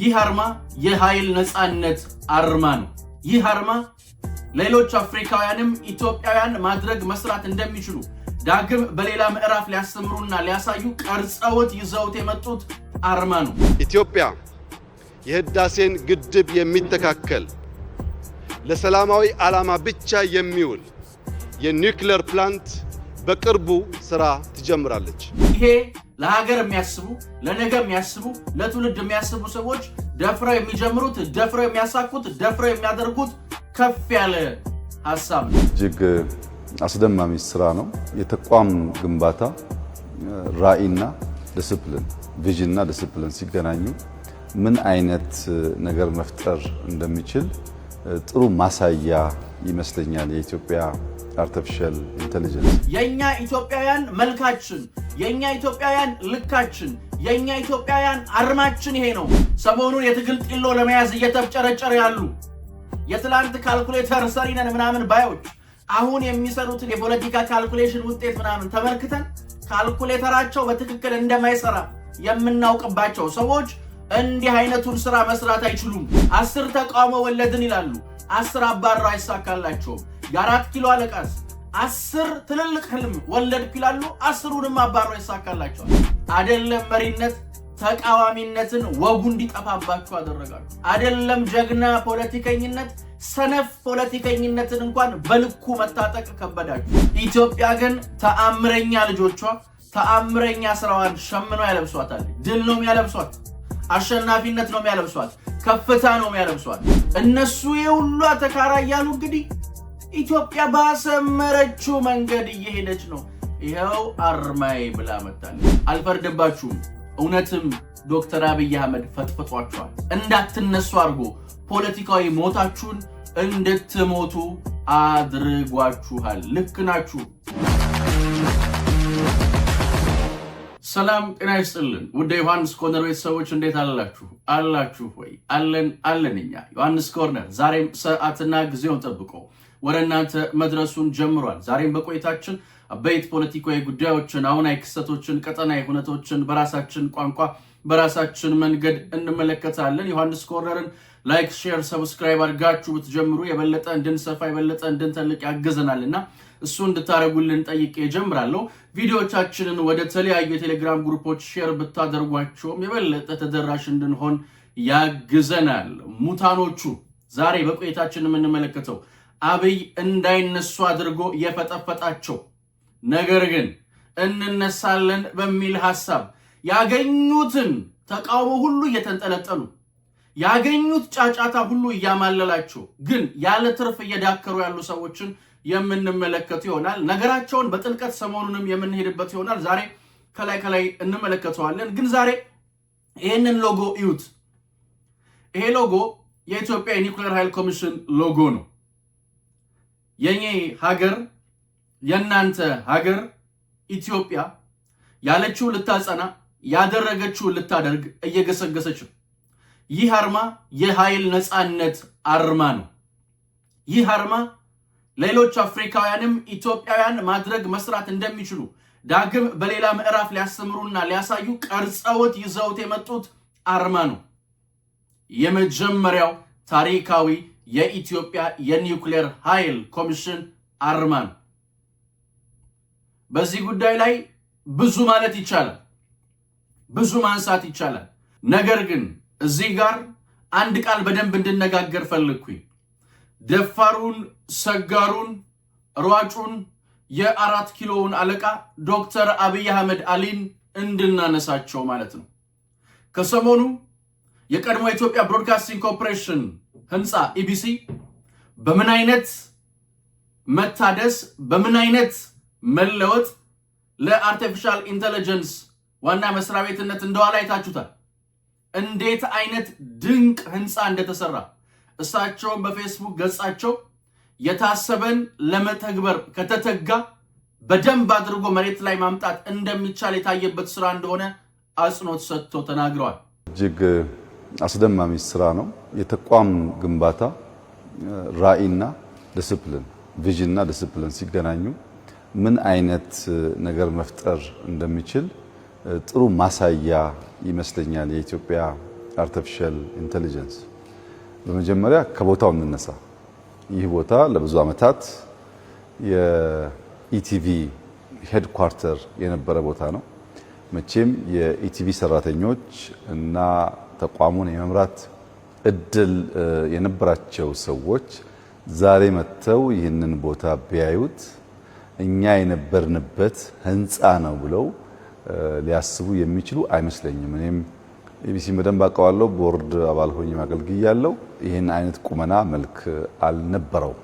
ይህ አርማ የኃይል ነፃነት አርማ ነው። ይህ አርማ ሌሎች አፍሪካውያንም ኢትዮጵያውያን ማድረግ መስራት እንደሚችሉ ዳግም በሌላ ምዕራፍ ሊያስተምሩና ሊያሳዩ ቀርጸውት ይዘውት የመጡት አርማ ነው። ኢትዮጵያ የህዳሴን ግድብ የሚተካከል ለሰላማዊ ዓላማ ብቻ የሚውል የኒውክሌር ፕላንት በቅርቡ ስራ ትጀምራለች። ይሄ ለሀገር የሚያስቡ ለነገ የሚያስቡ ለትውልድ የሚያስቡ ሰዎች ደፍረው የሚጀምሩት ደፍረው የሚያሳኩት ደፍረው የሚያደርጉት ከፍ ያለ ሀሳብ ነው። እጅግ አስደማሚ ስራ ነው። የተቋም ግንባታ ራዕይና ዲስፕሊን ቪዥንና ዲስፕሊን ሲገናኙ ምን አይነት ነገር መፍጠር እንደሚችል ጥሩ ማሳያ ይመስለኛል የኢትዮጵያ አርቲፊሻል ኢንቴሊጀንስ የእኛ ኢትዮጵያውያን መልካችን፣ የእኛ ኢትዮጵያውያን ልካችን፣ የእኛ ኢትዮጵያውያን አርማችን ይሄ ነው። ሰሞኑን የትግል ጢሎ ለመያዝ እየተፍጨረጨረ ያሉ የትላንት ካልኩሌተር ሰሪነን ምናምን ባዮች አሁን የሚሰሩትን የፖለቲካ ካልኩሌሽን ውጤት ምናምን ተመልክተን ካልኩሌተራቸው በትክክል እንደማይሰራ የምናውቅባቸው ሰዎች እንዲህ አይነቱን ስራ መስራት አይችሉም። አስር ተቃውሞ ወለድን ይላሉ። አስር አባራ አይሳካላቸውም። የአራት ኪሎ አለቃስ አስር ትልልቅ ህልም ወለድኩ ይላሉ። አስሩንም አባሮ ይሳካላቸዋል። አይደለም መሪነት ተቃዋሚነትን ወጉ እንዲጠፋባችሁ አደረጋችሁ። አይደለም ጀግና ፖለቲከኝነት ሰነፍ ፖለቲከኝነትን እንኳን በልኩ መታጠቅ ከበዳችሁ። ኢትዮጵያ ግን ተአምረኛ ልጆቿ ተአምረኛ ስራዋን ሸምኖ ያለብሷታል። ድል ነው የሚያለብሷት፣ አሸናፊነት ነው የሚያለብሷት፣ ከፍታ ነው የሚያለብሷት። እነሱ የሁሉ ተካራ እያሉ እንግዲህ ኢትዮጵያ ባሰመረችው መንገድ እየሄደች ነው። ይኸው አርማዬ ብላ መታለች። አልፈርድባችሁም። እውነትም ዶክተር አብይ አህመድ ፈጥፈጧችኋል። እንዳትነሱ አድርጎ ፖለቲካዊ ሞታችሁን እንድትሞቱ አድርጓችኋል። ልክ ናችሁ። ሰላም ጤና ይስጥልን። ውድ ዮሐንስ ኮርነር ቤተሰቦች እንዴት አላችሁ? አላችሁ ወይ? አለን አለን። እኛ ዮሐንስ ኮርነር ዛሬም ሰዓትና ጊዜውን ጠብቆ ወደ እናንተ መድረሱን ጀምሯል። ዛሬም በቆይታችን አበይት ፖለቲካዊ ጉዳዮችን፣ አሁናዊ ክስተቶችን፣ ቀጠናዊ ሁነቶችን በራሳችን ቋንቋ በራሳችን መንገድ እንመለከታለን። ዮሐንስ ኮርነርን ላይክ፣ ሼር፣ ሰብስክራይብ አድርጋችሁ ብትጀምሩ የበለጠ እንድንሰፋ የበለጠ እንድንተልቅ ያግዘናል እና እሱ እንድታደረጉልን ጠይቄ እጀምራለሁ። ቪዲዮዎቻችንን ወደ ተለያዩ የቴሌግራም ግሩፖች ሼር ብታደርጓቸውም የበለጠ ተደራሽ እንድንሆን ያግዘናል። ሙታኖቹ ዛሬ በቆይታችን የምንመለከተው አብይ እንዳይነሱ አድርጎ የፈጠፈጣቸው ነገር ግን እንነሳለን በሚል ሐሳብ ያገኙትን ተቃውሞ ሁሉ እየተንጠለጠሉ ያገኙት ጫጫታ ሁሉ እያማለላቸው ግን ያለ ትርፍ እየዳከሩ ያሉ ሰዎችን የምንመለከቱ ይሆናል። ነገራቸውን በጥልቀት ሰሞኑንም የምንሄድበት ይሆናል። ዛሬ ከላይ ከላይ እንመለከተዋለን። ግን ዛሬ ይህንን ሎጎ እዩት። ይሄ ሎጎ የኢትዮጵያ የኒውክሌር ኃይል ኮሚሽን ሎጎ ነው። የኔ ሀገር የእናንተ ሀገር ኢትዮጵያ ያለችው ልታጸና ያደረገችው ልታደርግ እየገሰገሰች ነው። ይህ አርማ የኃይል ነፃነት አርማ ነው። ይህ አርማ ሌሎች አፍሪካውያንም ኢትዮጵያውያን ማድረግ መስራት እንደሚችሉ ዳግም በሌላ ምዕራፍ ሊያስተምሩና ሊያሳዩ ቀርጸውት ይዘውት የመጡት አርማ ነው። የመጀመሪያው ታሪካዊ የኢትዮጵያ የኒውክሌር ኃይል ኮሚሽን አርማ ነው። በዚህ ጉዳይ ላይ ብዙ ማለት ይቻላል፣ ብዙ ማንሳት ይቻላል። ነገር ግን እዚህ ጋር አንድ ቃል በደንብ እንድነጋገር ፈለግኩኝ። ደፋሩን፣ ሰጋሩን፣ ሯጩን የአራት ኪሎውን አለቃ ዶክተር አብይ አህመድ አሊን እንድናነሳቸው ማለት ነው። ከሰሞኑ የቀድሞ የኢትዮጵያ ብሮድካስቲንግ ኮርፖሬሽን ህንፃ ኢቢሲ በምን አይነት መታደስ በምን አይነት መለወጥ ለአርቲፊሻል ኢንተለጀንስ ዋና መስሪያ ቤትነት እንደዋላ አይታችሁታል። እንዴት አይነት ድንቅ ህንፃ እንደተሰራ እሳቸውን በፌስቡክ ገጻቸው የታሰበን ለመተግበር ከተተጋ በደንብ አድርጎ መሬት ላይ ማምጣት እንደሚቻል የታየበት ስራ እንደሆነ አጽንኦት ሰጥቶ ተናግረዋል። እጅግ አስደማሚ ስራ ነው። የተቋም ግንባታ ራዕይና ዲስፕሊን ቪዥንና ዲስፕሊን ሲገናኙ ምን አይነት ነገር መፍጠር እንደሚችል ጥሩ ማሳያ ይመስለኛል የኢትዮጵያ አርቲፊሻል ኢንተለጀንስ። በመጀመሪያ ከቦታው እንነሳ። ይህ ቦታ ለብዙ ዓመታት የኢቲቪ ሄድኳርተር የነበረ ቦታ ነው። መቼም የኢቲቪ ሰራተኞች እና ተቋሙን የመምራት እድል የነበራቸው ሰዎች ዛሬ መጥተው ይህንን ቦታ ቢያዩት እኛ የነበርንበት ህንፃ ነው ብለው ሊያስቡ የሚችሉ አይመስለኝም። እኔም ኢቢሲ በደንብ አውቀዋለሁ። ቦርድ አባል ሆኜ ያለው ይህን አይነት ቁመና መልክ አልነበረው።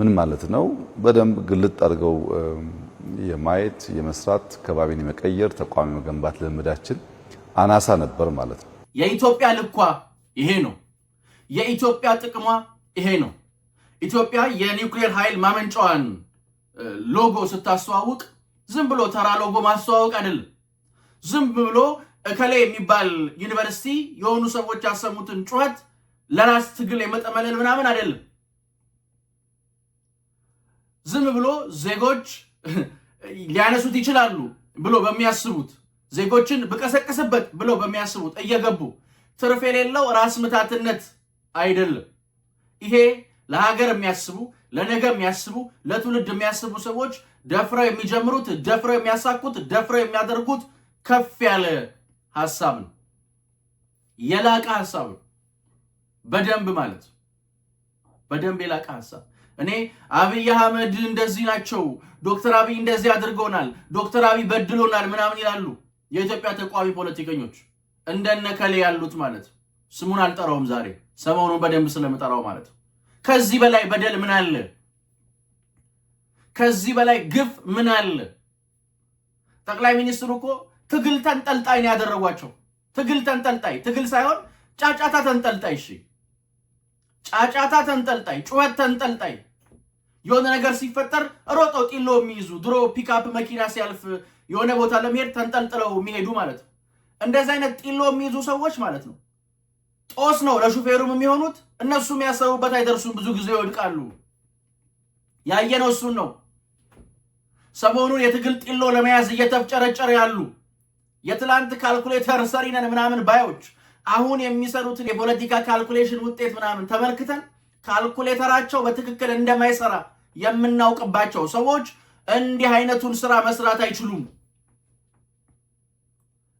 ምን ማለት ነው? በደንብ ግልጥ አድርገው የማየት የመስራት ከባቢን የመቀየር ተቋሚ መገንባት ልምዳችን አናሳ ነበር ማለት ነው። የኢትዮጵያ ልኳ ይሄ ነው። የኢትዮጵያ ጥቅሟ ይሄ ነው። ኢትዮጵያ የኒውክሌር ኃይል ማመንጫዋን ሎጎ ስታስተዋውቅ ዝም ብሎ ተራ ሎጎ ማስተዋወቅ አይደለም። ዝም ብሎ እከሌ የሚባል ዩኒቨርሲቲ የሆኑ ሰዎች ያሰሙትን ጩኸት ለራስ ትግል የመጠመለል ምናምን አይደለም። ዝም ብሎ ዜጎች ሊያነሱት ይችላሉ ብሎ በሚያስቡት ዜጎችን ብቀሰቅስበት ብሎ በሚያስቡት እየገቡ ትርፍ የሌለው ራስ ምታትነት አይደለም። ይሄ ለሀገር የሚያስቡ ለነገ የሚያስቡ ለትውልድ የሚያስቡ ሰዎች ደፍረው የሚጀምሩት ደፍረው የሚያሳኩት ደፍረው የሚያደርጉት ከፍ ያለ ሀሳብ ነው። የላቀ ሀሳብ ነው። በደንብ ማለት በደንብ የላቀ ሀሳብ እኔ አብይ አህመድ እንደዚህ ናቸው፣ ዶክተር አብይ እንደዚህ አድርገውናል፣ ዶክተር አብይ በድሎናል ምናምን ይላሉ የኢትዮጵያ ተቃዋሚ ፖለቲከኞች እንደነከሌ ያሉት ማለት ስሙን አልጠራውም ዛሬ ሰሞኑን በደንብ ስለምጠራው ማለት ከዚህ በላይ በደል ምን አለ? ከዚህ በላይ ግፍ ምን አለ? ጠቅላይ ሚኒስትሩ እኮ ትግል ተንጠልጣይ ነው ያደረጓቸው። ትግል ተንጠልጣይ፣ ትግል ሳይሆን ጫጫታ ተንጠልጣይ። እሺ ጫጫታ ተንጠልጣይ፣ ጩኸት ተንጠልጣይ የሆነ ነገር ሲፈጠር ሮጦ ጢሎ የሚይዙ ድሮ ፒክአፕ መኪና ሲያልፍ የሆነ ቦታ ለመሄድ ተንጠልጥለው የሚሄዱ ማለት ነው። እንደዚህ አይነት ጢሎ የሚይዙ ሰዎች ማለት ነው ጦስ ነው ለሹፌሩም የሚሆኑት። እነሱ የሚያሰቡበት አይደርሱም፣ ብዙ ጊዜ ይወድቃሉ። ያየነው እሱን ነው። ሰሞኑን የትግል ጢሎ ለመያዝ እየተፍጨረጨረ ያሉ የትላንት ካልኩሌተር ሰሪነን ምናምን ባዮች አሁን የሚሰሩትን የፖለቲካ ካልኩሌሽን ውጤት ምናምን ተመልክተን ካልኩሌተራቸው በትክክል እንደማይሰራ የምናውቅባቸው ሰዎች እንዲህ አይነቱን ስራ መስራት አይችሉም።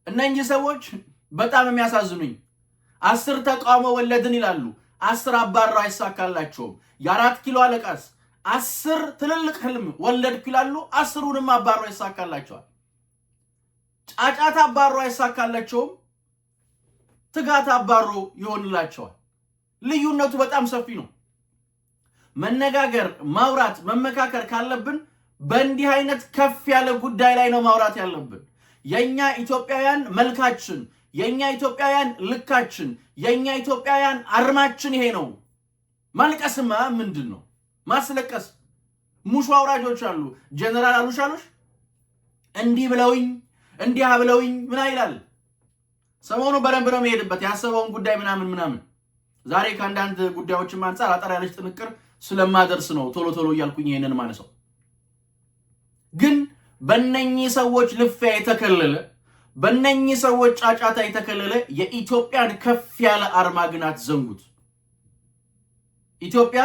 እነኚህ ሰዎች በጣም የሚያሳዝኑኝ አስር ተቃውሞ ወለድን ይላሉ። አስር አባራ አይሳካላቸውም። የአራት ኪሎ አለቃስ አስር ትልልቅ ህልም ወለድኩ ይላሉ። አስሩንም አባሮ አይሳካላቸዋል። ጫጫት አባሮ አይሳካላቸውም። ትጋት አባሮ ይሆንላቸዋል። ልዩነቱ በጣም ሰፊ ነው። መነጋገር፣ ማውራት፣ መመካከር ካለብን በእንዲህ አይነት ከፍ ያለ ጉዳይ ላይ ነው ማውራት ያለብን። የእኛ ኢትዮጵያውያን መልካችን፣ የእኛ ኢትዮጵያውያን ልካችን፣ የእኛ ኢትዮጵያውያን አርማችን ይሄ ነው። ማልቀስማ ምንድን ነው? ማስለቀስ ሙሾ አውራጆች አሉ። ጀነራል አሉሻሉሽ እንዲህ ብለውኝ እንዲህ ብለውኝ ምን ይላል። ሰሞኑ በደንብ ነው የሚሄድበት ያሰበውን ጉዳይ ምናምን ምናምን። ዛሬ ከአንዳንድ ጉዳዮችም አንጻር አጠር ያለች ጥንቅር ስለማደርስ ነው ቶሎ ቶሎ እያልኩኝ ይሄንን ማለት ነው። ግን በነኚህ ሰዎች ልፊያ የተከለለ በነኚህ ሰዎች ጫጫታ የተከለለ የኢትዮጵያን ከፍ ያለ አርማ ግን አትዘንጉት። ኢትዮጵያ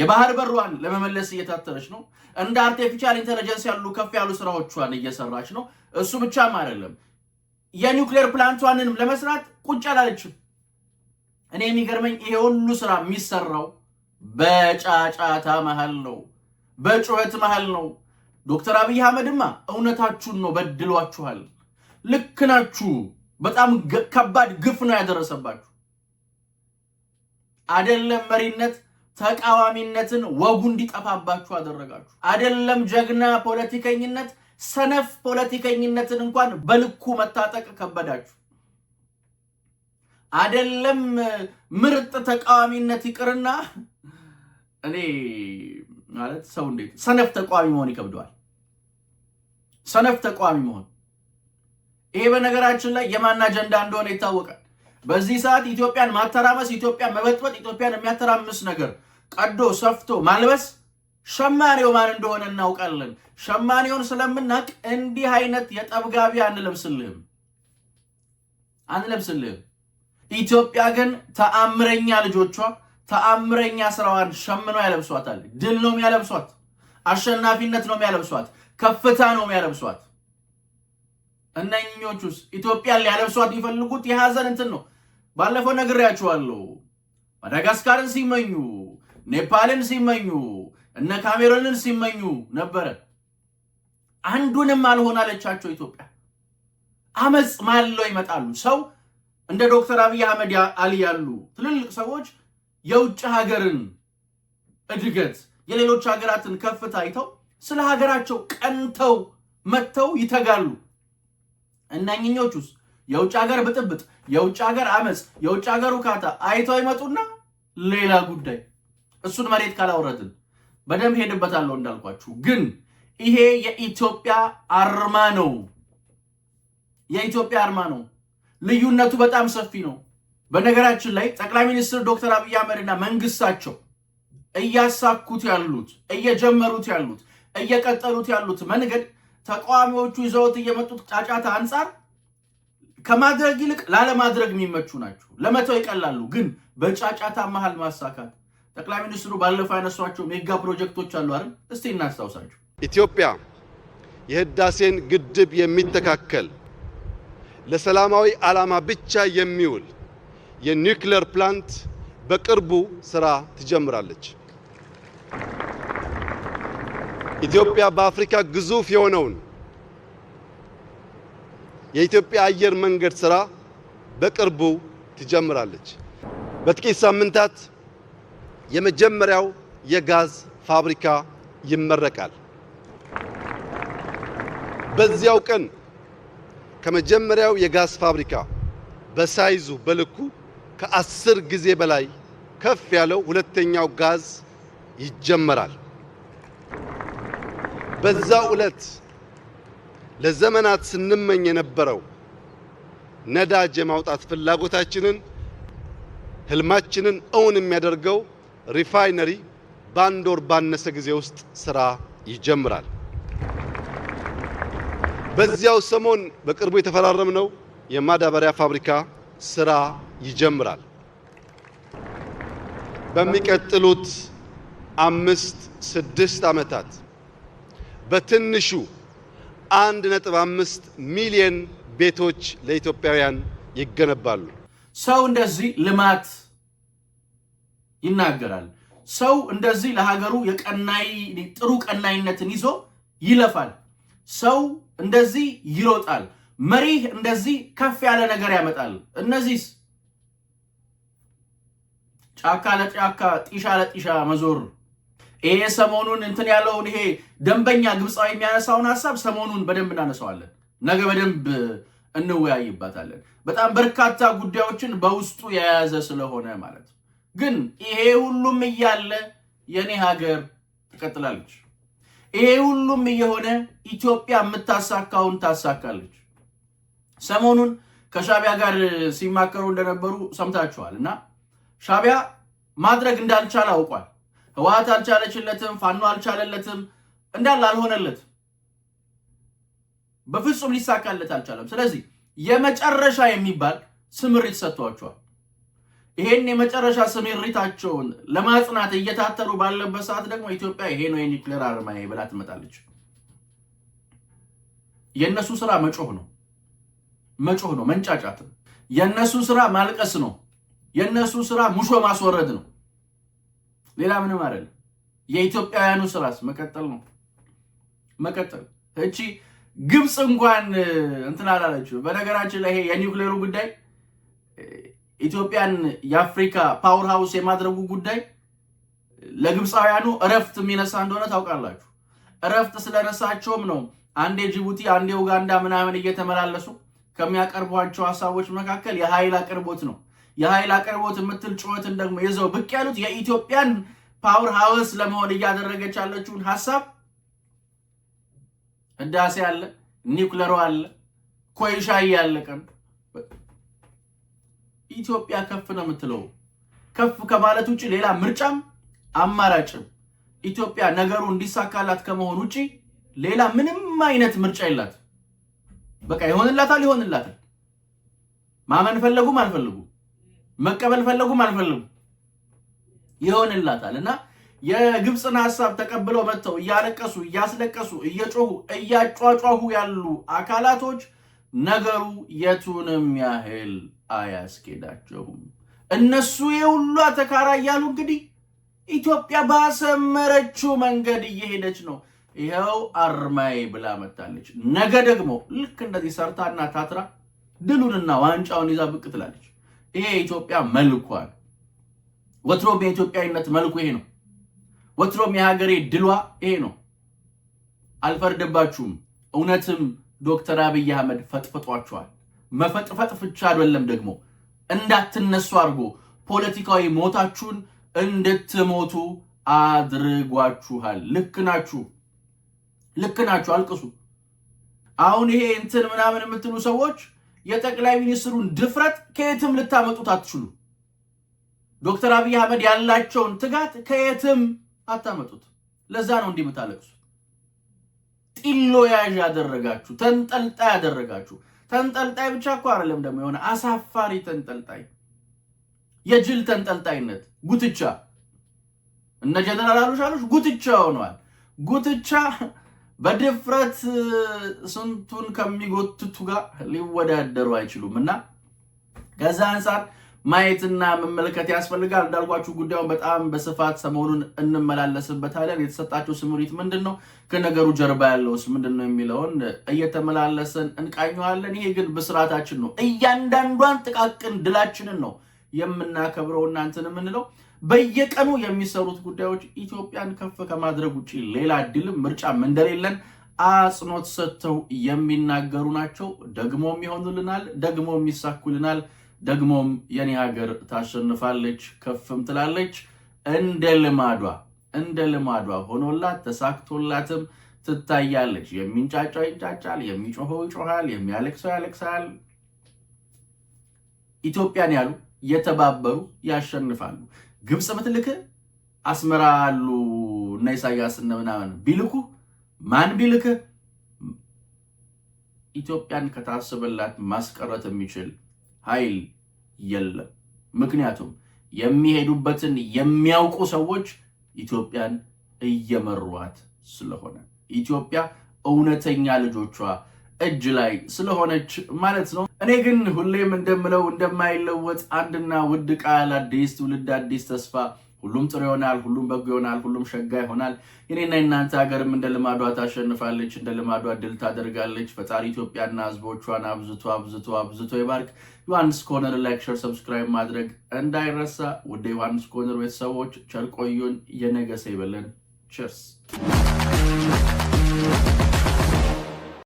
የባህር በሯን ለመመለስ እየታተረች ነው። እንደ አርቲፊሻል ኢንተለጀንስ ያሉ ከፍ ያሉ ስራዎቿን እየሰራች ነው። እሱ ብቻም አይደለም፣ የኒውክሌር ፕላንቷንንም ለመስራት ቁጭ አላለችም። እኔ የሚገርመኝ ይሄ ሁሉ ስራ የሚሰራው በጫጫታ መሃል ነው፣ በጩኸት መሃል ነው። ዶክተር አብይ አህመድማ እውነታችሁን ነው፣ በድሏችኋል፣ ልክ ናችሁ። በጣም ከባድ ግፍ ነው ያደረሰባችሁ። አደለም መሪነት ተቃዋሚነትን ወጉ እንዲጠፋባችሁ አደረጋችሁ። አደለም ጀግና ፖለቲከኝነት ሰነፍ ፖለቲከኝነትን እንኳን በልኩ መታጠቅ ከበዳችሁ። አደለም ምርጥ ተቃዋሚነት ይቅርና እኔ ማለት ሰው እንዴት ሰነፍ ተቋሚ መሆን ይከብደዋል። ሰነፍ ተቋሚ መሆን ይሄ በነገራችን ላይ የማን አጀንዳ እንደሆነ ይታወቃል። በዚህ ሰዓት ኢትዮጵያን ማተራመስ፣ ኢትዮጵያን መበጥበጥ፣ ኢትዮጵያን የሚያተራምስ ነገር ቀዶ ሰፍቶ ማልበስ ሸማኔው ማን እንደሆነ እናውቃለን። ሸማኔውን ስለምናውቅ እንዲህ አይነት የጠብጋቢ አንለብስልህም አንለብስልህም። ኢትዮጵያ ግን ተአምረኛ ልጆቿ ተአምረኛ ስራዋን ሸምኖ ያለብሷታል። ድል ነው የሚያለብሷት፣ አሸናፊነት ነው የሚያለብሷት፣ ከፍታ ነው የሚያለብሷት። እነኞቹስ ኢትዮጵያን ሊያለብሷት የሚፈልጉት የሐዘን እንትን ነው። ባለፈው ነግሬያችኋለሁ። ማዳጋስካርን ሲመኙ፣ ኔፓልን ሲመኙ፣ እነ ካሜሮንን ሲመኙ ነበረ። አንዱንም አልሆን አለቻቸው ኢትዮጵያ። አመፅ ማለው ይመጣሉ። ሰው እንደ ዶክተር አብይ አህመድ አሊ ያሉ ትልልቅ ሰዎች የውጭ ሀገርን እድገት የሌሎች ሀገራትን ከፍታ አይተው ስለ ሀገራቸው ቀንተው መጥተው ይተጋሉ። እነኝኞቹስ የውጭ ሀገር ብጥብጥ፣ የውጭ ሀገር አመፅ፣ የውጭ ሀገር ውካታ አይተው ይመጡና ሌላ ጉዳይ እሱን መሬት ካላውረድን በደንብ ሄድበታለሁ እንዳልኳችሁ። ግን ይሄ የኢትዮጵያ አርማ ነው። የኢትዮጵያ አርማ ነው። ልዩነቱ በጣም ሰፊ ነው። በነገራችን ላይ ጠቅላይ ሚኒስትር ዶክተር አብይ አህመድና መንግስታቸው እያሳኩት ያሉት እየጀመሩት ያሉት እየቀጠሉት ያሉት መንገድ ተቃዋሚዎቹ ይዘውት እየመጡት ጫጫታ አንጻር ከማድረግ ይልቅ ላለማድረግ የሚመቹ ናቸው። ለመተው ይቀላሉ፣ ግን በጫጫታ መሃል ማሳካት። ጠቅላይ ሚኒስትሩ ባለፈው ያነሷቸው ሜጋ ፕሮጀክቶች አሉ አይደል? እስቲ እናስታውሳቸው። ኢትዮጵያ የህዳሴን ግድብ የሚተካከል ለሰላማዊ ዓላማ ብቻ የሚውል የኒውክሌር ፕላንት በቅርቡ ስራ ትጀምራለች። ኢትዮጵያ በአፍሪካ ግዙፍ የሆነውን የኢትዮጵያ አየር መንገድ ስራ በቅርቡ ትጀምራለች። በጥቂት ሳምንታት የመጀመሪያው የጋዝ ፋብሪካ ይመረቃል። በዚያው ቀን ከመጀመሪያው የጋዝ ፋብሪካ በሳይዙ በልኩ ከአስር ጊዜ በላይ ከፍ ያለው ሁለተኛው ጋዝ ይጀመራል። በዛው ዕለት ለዘመናት ስንመኝ የነበረው ነዳጅ የማውጣት ፍላጎታችንን ህልማችንን እውን የሚያደርገው ሪፋይነሪ በአንድ ወር ባነሰ ጊዜ ውስጥ ስራ ይጀምራል። በዚያው ሰሞን በቅርቡ የተፈራረምነው የማዳበሪያ ፋብሪካ ስራ ይጀምራል። በሚቀጥሉት አምስት ስድስት ዓመታት በትንሹ አንድ ነጥብ አምስት ሚሊየን ቤቶች ለኢትዮጵያውያን ይገነባሉ። ሰው እንደዚህ ልማት ይናገራል። ሰው እንደዚህ ለሀገሩ የቀናይ ጥሩ ቀናይነትን ይዞ ይለፋል። ሰው እንደዚህ ይሮጣል። መሪህ እንደዚህ ከፍ ያለ ነገር ያመጣል። እነዚህስ ጫካ ለጫካ ጢሻ ለጢሻ መዞር። ይሄ ሰሞኑን እንትን ያለውን ይሄ ደንበኛ ግብፃዊ የሚያነሳውን ሀሳብ ሰሞኑን በደንብ እናነሳዋለን። ነገ በደንብ እንወያይባታለን። በጣም በርካታ ጉዳዮችን በውስጡ የያዘ ስለሆነ ማለት ነው። ግን ይሄ ሁሉም እያለ የእኔ ሀገር ትቀጥላለች። ይሄ ሁሉም እየሆነ ኢትዮጵያ የምታሳካውን ታሳካለች። ሰሞኑን ከሻቢያ ጋር ሲማከሩ እንደነበሩ ሰምታችኋል እና ሻቢያ ማድረግ እንዳልቻለ አውቋል። ህወሓት አልቻለችለትም፣ ፋኖ አልቻለለትም፣ እንዳለ አልሆነለትም። በፍጹም ሊሳካለት አልቻለም። ስለዚህ የመጨረሻ የሚባል ስምሪት ሰጥቷቸዋል። ይሄን የመጨረሻ ስምሪታቸውን ለማጽናት እየታተሩ ባለበት ሰዓት ደግሞ ኢትዮጵያ ይሄ ነው የኒውክሌር አርማዬ ብላ ትመጣለች። የእነሱ ስራ መጮህ ነው። መጮህ ነው፣ መንጫጫት ነው። የእነሱ ስራ ማልቀስ ነው። የእነሱ ስራ ሙሾ ማስወረድ ነው። ሌላ ምንም አይደለም። የኢትዮጵያውያኑ ስራስ መቀጠል ነው፣ መቀጠል። እቺ ግብፅ እንኳን እንትን አላለችው። በነገራችን ላይ ይሄ የኒውክሌሩ ጉዳይ ኢትዮጵያን የአፍሪካ ፓወር ሃውስ የማድረጉ ጉዳይ ለግብፃውያኑ እረፍት የሚነሳ እንደሆነ ታውቃላችሁ። እረፍት ስለነሳቸውም ነው አንዴ ጅቡቲ፣ አንዴ ኡጋንዳ ምናምን እየተመላለሱ ከሚያቀርቧቸው ሀሳቦች መካከል የኃይል አቅርቦት ነው። የኃይል አቅርቦት የምትል ጩኸትን ደግሞ ይዘው ብቅ ያሉት የኢትዮጵያን ፓወር ሀውስ ለመሆን እያደረገች ያለችውን ሀሳብ ህዳሴ አለ፣ ኒውክለሩ አለ፣ ኮይሻ እያለቀ ኢትዮጵያ ከፍ ነው የምትለው። ከፍ ከማለት ውጭ ሌላ ምርጫም አማራጭም ኢትዮጵያ ነገሩ እንዲሳካላት ከመሆን ውጭ ሌላ ምንም አይነት ምርጫ የላት። በቃ ይሆንላታል፣ ይሆንላታል። ማመን ፈለጉም አልፈለጉም፣ መቀበል ፈለጉም አልፈለጉም ይሆንላታል። እና የግብፅን ሀሳብ ተቀብለው መጥተው እያለቀሱ እያስለቀሱ እየጮሁ እያጯጯሁ ያሉ አካላቶች ነገሩ የቱንም ያህል አያስኬዳቸውም። እነሱ የሁሉ ተካራ እያሉ እንግዲህ ኢትዮጵያ ባሰመረችው መንገድ እየሄደች ነው። ይኸው አርማዬ ብላ መታለች። ነገ ደግሞ ልክ እንደዚህ ሰርታና ታትራ ድሉንና ዋንጫውን ይዛ ብቅ ትላለች። ይሄ የኢትዮጵያ መልኳ ወትሮም የኢትዮጵያዊነት መልኩ ይሄ ነው። ወትሮም የሀገሬ ድሏ ይሄ ነው። አልፈርድባችሁም። እውነትም ዶክተር አብይ አህመድ ፈጥፈጧቸዋል። መፈጥፈጥ ብቻ አይደለም ደግሞ እንዳትነሱ አድርጎ ፖለቲካዊ ሞታችሁን እንድትሞቱ አድርጓችኋል። ልክ ናችሁ። ልክ አልቅሱ። አሁን ይሄ እንትን ምናምን የምትሉ ሰዎች የጠቅላይ ሚኒስትሩን ድፍረት ከየትም ልታመጡት አትችሉ። ዶክተር አብይ አህመድ ያላቸውን ትጋት ከየትም አታመጡት። ለዛ ነው እንዲህ የምታለቅሱት። ጢሎ ያዥ ያደረጋችሁ፣ ተንጠልጣይ ያደረጋችሁ። ተንጠልጣይ ብቻ እኮ አይደለም ደግሞ የሆነ አሳፋሪ ተንጠልጣይ፣ የጅል ተንጠልጣይነት ጉትቻ እነ ጀነራል አሉሽ አሉሽ ጉትቻ ሆነዋል። ጉትቻ በድፍረት ስንቱን ከሚጎትቱ ጋር ሊወዳደሩ አይችሉም እና ከዛ አንጻር ማየትና መመልከት ያስፈልጋል። እንዳልኳችሁ ጉዳዩን በጣም በስፋት ሰሞኑን እንመላለስበታለን። የተሰጣቸው ስምሪት ምንድን ነው፣ ከነገሩ ጀርባ ያለውስ ምንድን ነው የሚለውን እየተመላለሰን እንቃኘዋለን። ይሄ ግን ብስራታችን ነው። እያንዳንዷን ጥቃቅን ድላችንን ነው የምናከብረው እናንተን የምንለው በየቀኑ የሚሰሩት ጉዳዮች ኢትዮጵያን ከፍ ከማድረግ ውጭ ሌላ እድልም ምርጫም እንደሌለን አጽንኦት ሰጥተው የሚናገሩ ናቸው። ደግሞም ይሆኑልናል፣ ደግሞም ይሳኩልናል፣ ደግሞም የኔ ሀገር ታሸንፋለች፣ ከፍም ትላለች። እንደ ልማዷ እንደ ልማዷ ሆኖላት ተሳክቶላትም ትታያለች። የሚንጫጫው ይንጫጫል፣ የሚጮኸው ይጮሃል፣ የሚያለቅሰው ያለቅሳል። ኢትዮጵያን ያሉ የተባበሩ ያሸንፋሉ። ግብፅ ምትልክ አስመራ አሉ እና ኢሳያስ እና ምናምን ቢልኩ ማን ቢልክ ኢትዮጵያን ከታሰበላት ማስቀረት የሚችል ኃይል የለም። ምክንያቱም የሚሄዱበትን የሚያውቁ ሰዎች ኢትዮጵያን እየመሯት ስለሆነ ኢትዮጵያ እውነተኛ ልጆቿ እጅ ላይ ስለሆነች ማለት ነው። እኔ ግን ሁሌም እንደምለው እንደማይለወጥ አንድና ውድ ቃል አዲስ ትውልድ አዲስ ተስፋ ሁሉም ጥሩ ይሆናል፣ ሁሉም በጎ ይሆናል፣ ሁሉም ሸጋ ይሆናል። የኔና የእናንተ ሀገርም እንደ ልማዷ ታሸንፋለች፣ እንደ ልማዷ ድል ታደርጋለች። ፈጣሪ ኢትዮጵያና ህዝቦቿን አብዝቶ አብዝቶ አብዝቶ ይባርክ። ዮሐንስ ኮርነር ላይክ፣ ሸር፣ ሰብስክራይብ ማድረግ እንዳይረሳ። ወደ ዮሐንስ ኮርነር ቤተሰቦች ቸርቆዩን የነገሰ ይበለን። ችርስ